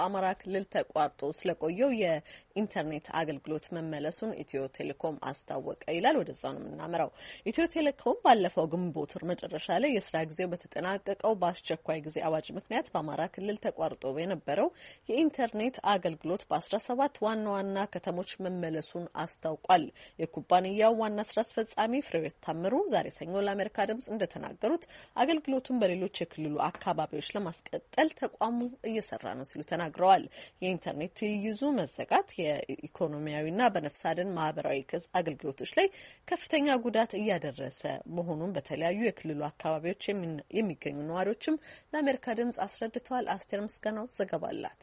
በአማራ ክልል ተቋርጦ ስለቆየው የኢንተርኔት አገልግሎት መመለሱን ኢትዮ ቴሌኮም አስታወቀ ይላል። ወደዛ ነው የምናመራው። ኢትዮ ቴሌኮም ባለፈው ግንቦት ወር መጨረሻ ላይ የስራ ጊዜው በተጠናቀቀው በአስቸኳይ ጊዜ አዋጅ ምክንያት በአማራ ክልል ተቋርጦ የነበረው የኢንተርኔት አገልግሎት በ ሰባት ዋና ዋና ከተሞች መመለሱን አስታውቋል። የኩባንያው ዋና ስራ አስፈጻሚ ፍሬሕይወት ታምሩ ዛሬ ሰኞ ለአሜሪካ ድምጽ እንደተናገሩት አገልግሎቱን በሌሎች የክልሉ አካባቢዎች ለማስቀጠል ተቋሙ እየሰራ ነው ሲሉ ተናግረዋል። ተናግረዋል። የኢንተርኔት ትይይዙ መዘጋት የኢኮኖሚያዊና በነፍስ አድን ማህበራዊ አገልግሎቶች ላይ ከፍተኛ ጉዳት እያደረሰ መሆኑን በተለያዩ የክልሉ አካባቢዎች የሚገኙ ነዋሪዎችም ለአሜሪካ ድምጽ አስረድተዋል። አስቴር ምስጋናው ዘገባ አላት።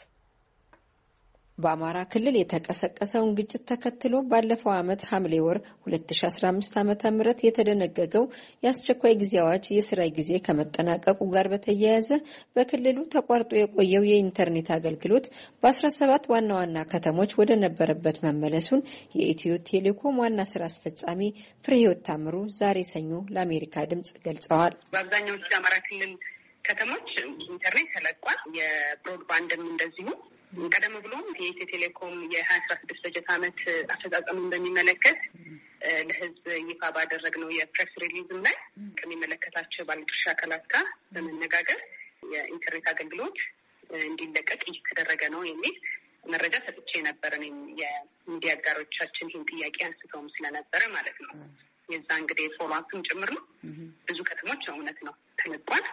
በአማራ ክልል የተቀሰቀሰውን ግጭት ተከትሎ ባለፈው ዓመት ሐምሌ ወር 2015 ዓ ም የተደነገገው የአስቸኳይ ጊዜ አዋጅ የስራ ጊዜ ከመጠናቀቁ ጋር በተያያዘ በክልሉ ተቋርጦ የቆየው የኢንተርኔት አገልግሎት በ17 ዋና ዋና ከተሞች ወደ ነበረበት መመለሱን የኢትዮ ቴሌኮም ዋና ስራ አስፈጻሚ ፍሬህይወት ታምሩ ዛሬ ሰኞ ለአሜሪካ ድምጽ ገልጸዋል። በአብዛኛዎቹ የአማራ ክልል ከተሞች ኢንተርኔት ተለቋል። የብሮድባንድም እንደዚሁ ቀደም ብሎም የኢትዮ ቴሌኮም የሀያ አስራ ስድስት በጀት ዓመት አፈጻጸሙን በሚመለከት ለሕዝብ ይፋ ባደረግነው የፕሬስ ሪሊዝም ላይ ከሚመለከታቸው ባለድርሻ አካላት ጋር በመነጋገር የኢንተርኔት አገልግሎት እንዲለቀቅ እየተደረገ ነው የሚል መረጃ ሰጥቼ ነበር። እኔም የሚዲያ አጋሮቻችን ይህን ጥያቄ አንስተውም ስለነበረ ማለት ነው የዛ እንግዲህ ፎሎአፕም ጭምር ነው። ብዙ ከተሞች እውነት ነው አስመጥቷል።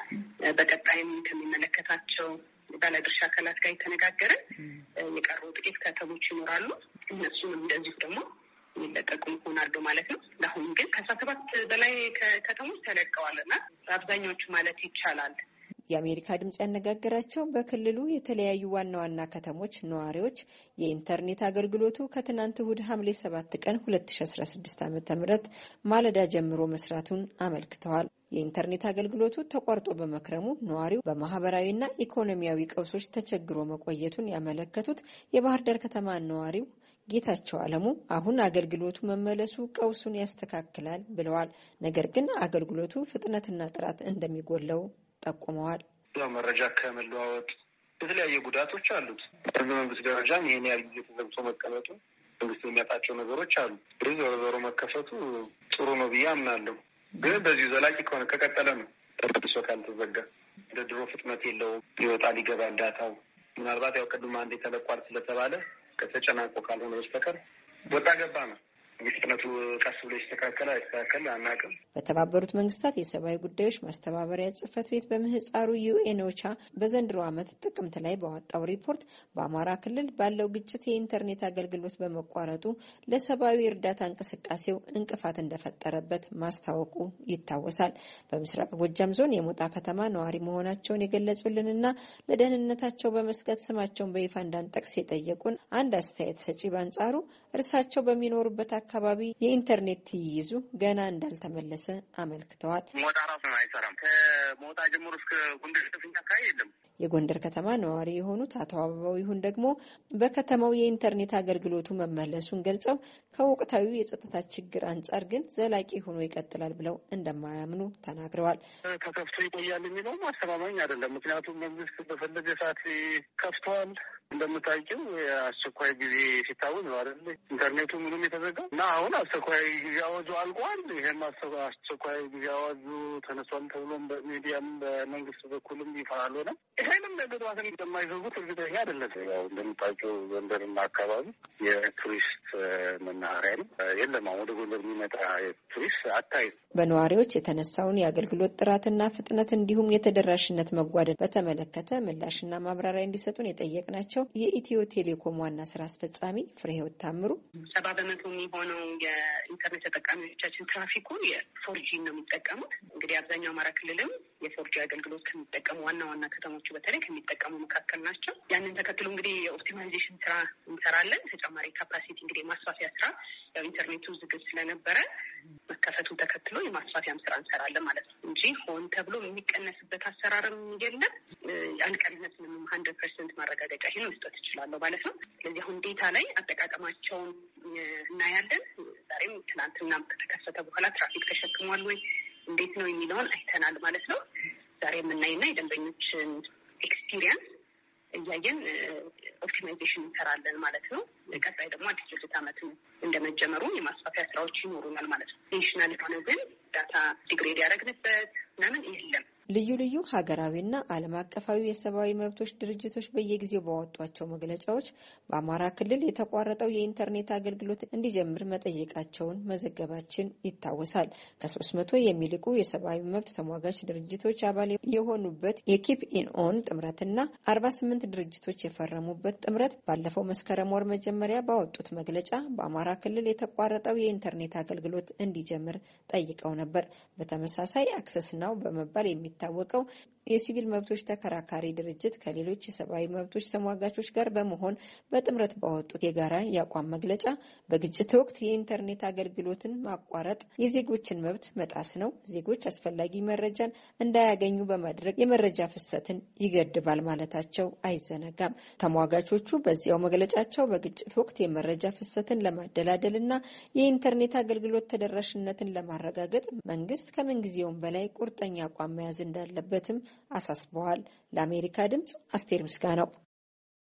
በቀጣይም ከሚመለከታቸው ባለድርሻ አካላት ጋር የተነጋገረ የቀሩ ጥቂት ከተሞች ይኖራሉ። እነሱም እንደዚሁ ደግሞ የሚለቀቁ ይሆናሉ ማለት ነው። ለአሁን ግን ከአስራ ሰባት በላይ ከተሞች ተለቀዋል እና አብዛኛዎቹ ማለት ይቻላል የአሜሪካ ድምፅ ያነጋገራቸው በክልሉ የተለያዩ ዋና ዋና ከተሞች ነዋሪዎች የኢንተርኔት አገልግሎቱ ከትናንት እሁድ ሐምሌ 7 ቀን 2016 ዓ.ም ማለዳ ጀምሮ መስራቱን አመልክተዋል። የኢንተርኔት አገልግሎቱ ተቋርጦ በመክረሙ ነዋሪው በማህበራዊና ኢኮኖሚያዊ ቀውሶች ተቸግሮ መቆየቱን ያመለከቱት የባህር ዳር ከተማ ነዋሪው ጌታቸው አለሙ አሁን አገልግሎቱ መመለሱ ቀውሱን ያስተካክላል ብለዋል። ነገር ግን አገልግሎቱ ፍጥነትና ጥራት እንደሚጎለው ጠቁመዋል። ያው መረጃ ከመለዋወጥ የተለያየ ጉዳቶች አሉት። መንግስት ደረጃም ይሄን ያህል ጊዜ ተዘግቶ መቀመጡ መንግስት የሚያጣቸው ነገሮች አሉ። ዞሮ ዞሮ መከፈቱ ጥሩ ነው ብዬ አምናለሁ። ግን በዚሁ ዘላቂ ከሆነ ከቀጠለ ነው ተመልሶ ካልተዘጋ እንደ ድሮ ፍጥነት የለውም። ሊወጣ ሊገባ እንዳታው ምናልባት ያው ቅድም አንዴ ተለቋል ስለተባለ ከተጨናቆ ካልሆነ በስተቀር ወጣ ገባ ነው። ፍጥነቱ ቀስ ብሎ ይስተካከል አይስተካከል አናውቅም። በተባበሩት መንግስታት የሰብአዊ ጉዳዮች ማስተባበሪያ ጽህፈት ቤት በምህፃሩ ዩኤን ኦቻ በዘንድሮ ዓመት ጥቅምት ላይ ባወጣው ሪፖርት በአማራ ክልል ባለው ግጭት የኢንተርኔት አገልግሎት በመቋረጡ ለሰብአዊ እርዳታ እንቅስቃሴው እንቅፋት እንደፈጠረበት ማስታወቁ ይታወሳል። በምስራቅ ጎጃም ዞን የሞጣ ከተማ ነዋሪ መሆናቸውን የገለጹልንና ለደህንነታቸው በመስጋት ስማቸውን በይፋ እንዳንጠቅስ የጠየቁን አንድ አስተያየት ሰጪ በአንጻሩ እርሳቸው በሚኖሩበት አካባቢ አካባቢ የኢንተርኔት ትይይዙ ገና እንዳልተመለሰ አመልክተዋል። ሞጣ ራሱ አይሰራም። ከሞጣ ጀምሮ እስከ ጉንደር አካባቢ የለም። የጎንደር ከተማ ነዋሪ የሆኑት አቶ አበባው ይሁን ደግሞ በከተማው የኢንተርኔት አገልግሎቱ መመለሱን ገልጸው ከወቅታዊ የጸጥታ ችግር አንጻር ግን ዘላቂ ሆኖ ይቀጥላል ብለው እንደማያምኑ ተናግረዋል። ተከፍቶ ይቆያል የሚለው አስተማማኝ አይደለም። ምክንያቱም መንግስት በፈለገ ሰዓት ከፍተዋል። እንደምታውቂው የአስቸኳይ ጊዜ ሲታወጅ ነው አይደል? ኢንተርኔቱ ምንም የተዘጋው እና አሁን አስቸኳይ ጊዜ አዋጁ አልቋል። ይህም አስቸኳይ ጊዜ አዋጁ ተነሷል ተብሎም በሚዲያም በመንግስት በኩልም ይፈራሉ ነው ይህንም ነገር ዋትን እንደማይዘጉት እርግጠኛ አይደለም። ያው እንደምታውቂው ጎንደርና አካባቢ የቱሪስት መናኸሪያ ነው፣ የለም አሁን ወደ ጎንደር የሚመጣ ቱሪስት አታይ። በነዋሪዎች የተነሳውን የአገልግሎት ጥራትና ፍጥነት እንዲሁም የተደራሽነት መጓደል በተመለከተ ምላሽና ማብራሪያ እንዲሰጡን የጠየቅናቸው የኢትዮ ቴሌኮም ዋና ስራ አስፈጻሚ ፍሬህይወት ታምሩ ሰባ በመቶ የሚሆነው የኢንተርኔት ተጠቃሚዎቻችን ትራፊኩን የፎርጂን ነው የሚጠቀሙት። እንግዲህ አብዛኛው አማራ ክልልም የፎርጂ አገልግሎት ከሚጠቀሙ ዋና ዋና ከተሞቹ በተለይ ከሚጠቀሙ መካከል ናቸው። ያንን ተከትሎ እንግዲህ የኦፕቲማይዜሽን ስራ እንሰራለን። ተጨማሪ ካፓሲቲ እንግዲህ የማስፋፊያ ስራ ያው ኢንተርኔቱ ዝግብ ስለነበረ መከፈቱ ተከትሎ የማስፋፊያም ስራ እንሰራለን ማለት ነው እንጂ ሆን ተብሎ የሚቀነስበት አሰራርም የለም። ምንም ሀንድረድ ፐርሰንት ማረጋገጫ ይህን መስጠት እችላለሁ ማለት ነው። ስለዚህ አሁን ዴታ ላይ አጠቃቀማቸውን እናያለን። ዛሬም ትናንትና ከተከሰተ በኋላ ትራፊክ ተሸክሟል ወይ እንዴት ነው የሚለውን አይተናል ማለት ነው። ዛሬ የምናይና የደንበኞችን ኤክስፒሪየንስ እያየን ኦፕቲማይዜሽን uh, እንሰራለን ማለት ነው። ቀጣይ ደግሞ አዲስ በጀት ዓመት እንደመጀመሩ የማስፋፊያ ስራዎች ይኖሩናል ማለት ነው። ኢንሽናል የሆነ ግን ዳታ ዲግሬድ ያደረግንበት ምናምን የለም። ልዩ ልዩ ሀገራዊና ዓለም አቀፋዊ የሰብአዊ መብቶች ድርጅቶች በየጊዜው ባወጧቸው መግለጫዎች በአማራ ክልል የተቋረጠው የኢንተርኔት አገልግሎት እንዲጀምር መጠየቃቸውን መዘገባችን ይታወሳል። ከሶስት መቶ የሚልቁ የሰብአዊ መብት ተሟጋች ድርጅቶች አባል የሆኑበት የኪፕ ኢን ኦን ጥምረትና አርባ ስምንት ድርጅቶች የፈረሙበት ጥምረት ባለፈው መስከረም ወር መጀመሪያ ባወጡት መግለጫ በአማራ ክልል የተቋረጠው የኢንተርኔት አገልግሎት እንዲጀምር ጠይቀው ነበር። በተመሳሳይ አክሰስ ናው በመባል የሚ የሚታወቀው የሲቪል መብቶች ተከራካሪ ድርጅት ከሌሎች የሰብአዊ መብቶች ተሟጋቾች ጋር በመሆን በጥምረት ባወጡት የጋራ የአቋም መግለጫ በግጭት ወቅት የኢንተርኔት አገልግሎትን ማቋረጥ የዜጎችን መብት መጣስ ነው፣ ዜጎች አስፈላጊ መረጃን እንዳያገኙ በማድረግ የመረጃ ፍሰትን ይገድባል ማለታቸው አይዘነጋም። ተሟጋቾቹ በዚያው መግለጫቸው በግጭት ወቅት የመረጃ ፍሰትን ለማደላደል እና የኢንተርኔት አገልግሎት ተደራሽነትን ለማረጋገጥ መንግስት ከምንጊዜውም በላይ ቁርጠኛ አቋም መያዝ እንዳለበትም አሳስበዋል። ለአሜሪካ ድምፅ አስቴር ምስጋናው